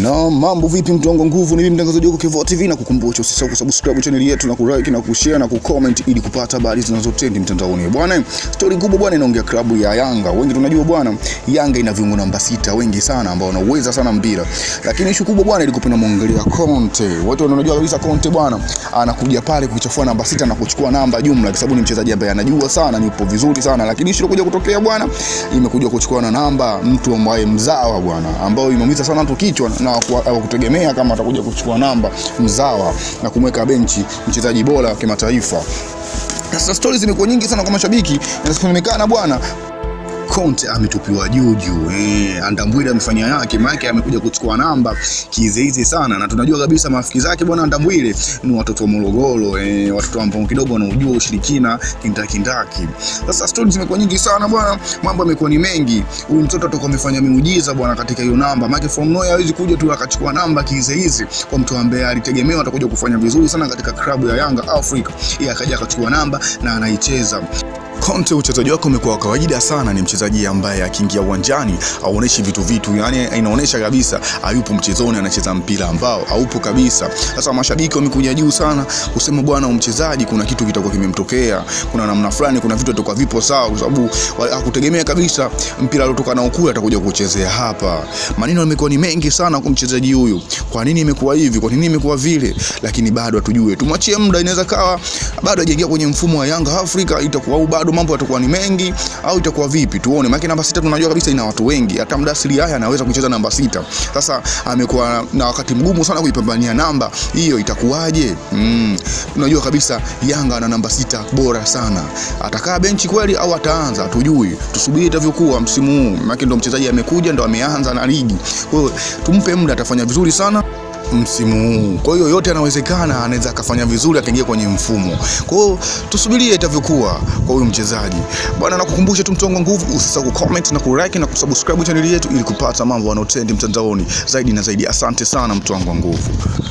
Na mambo vipi mtu wangu nguvu, ni mimi mtangazaji wako Kevoo TV na kukumbusha usisahau kusubscribe channel yetu na kulike na kushare na kucomment ili kupata habari zinazotendi mtandaoni. Bwana, story kubwa bwana inaongea klabu ya Yanga. Wengi tunajua bwana, Yanga ina viungo namba sita wengi sana ambao wanauweza sana mpira. Lakini ishu kubwa bwana ilikuwa ya Conte. Watu wanajua kabisa Conte bwana anakuja pale kuchafua namba sita na kuchukua namba jumla kwa sababu ni mchezaji ambaye anajua sana, yupo vizuri sana. Lakini ishu ilikuja kutokea bwana imekuja kuchukua na namba mtu ambaye mzawa bwana ambao imeumiza sana mtu kichwa na kutegemea kama atakuja kuchukua namba mzawa na kumweka benchi mchezaji bora kimataifa. Sasa stori zimekuwa nyingi sana kwa mashabiki, inasemekana bwana Conte ametupiwa juu juu eh, Andambwile amefanya yake, maana amekuja kuchukua namba kizeizi sana, na tunajua kabisa marafiki zake bwana Andambwile ni watoto wa Morogoro eh, watoto ambao kidogo wanaujua ushirikina kindakindaki. Sasa stories zimekuwa nyingi sana bwana, mambo yamekuwa ni mengi. Huyu mtoto atakuwa amefanya miujiza bwana katika hiyo namba, maana from nowhere hawezi kuja tu akachukua namba kizeizi kwa mtu ambaye alitegemewa atakuja kufanya vizuri sana katika klabu ya Yanga Africa, yeye akaja akachukua namba na anaicheza. Conte, uchezaji wake umekuwa kawaida sana. Ni mchezaji ambaye akiingia uwanjani aoneshi vitu vitu, yani inaonesha kabisa hayupo mchezoni, anacheza mpira ambao haupo kabisa. Sasa mashabiki wamekuja juu sana kusema bwana, mchezaji kuna kitu kitakuwa kimemtokea, kuna namna fulani, kuna vitu vitakuwa vipo sawa, kwa sababu hakutegemea kabisa mpira aliotoka na kule atakuja kuchezea hapa. Maneno yamekuwa ni mengi sana kwa mchezaji huyu, kwa nini imekuwa hivi, kwa nini imekuwa vile, lakini bado hatujue, tumwachie muda, inaweza kawa bado hajaingia kwenye mfumo wa Yanga Afrika itakuwa au bado bado mambo yatakuwa ni mengi au itakuwa vipi? Tuone, maana namba sita tunajua kabisa ina watu wengi, hata Mdasiri haya anaweza kucheza namba sita. Sasa amekuwa na wakati mgumu sana kuipambania namba hiyo, itakuwaje? Mm, tunajua kabisa Yanga ana namba sita bora sana. Atakaa benchi kweli au ataanza? Tujui, tusubiri itavyokuwa msimu huu, maana ndo mchezaji amekuja, ndo ameanza na ligi, kwa hiyo tumpe muda, atafanya vizuri sana msimu huu. Kwa hiyo yote yanawezekana, anaweza akafanya vizuri akaingia kwenye mfumo. Kwa hiyo tusubirie itavyokuwa kwa huyu mchezaji bwana. Nakukumbusha tu mtongo nguvu, usisahau kucomment na kulike na kusubscribe chaneli yetu ili kupata mambo yanayotrend mtandaoni zaidi na zaidi. Asante sana mtongo nguvu.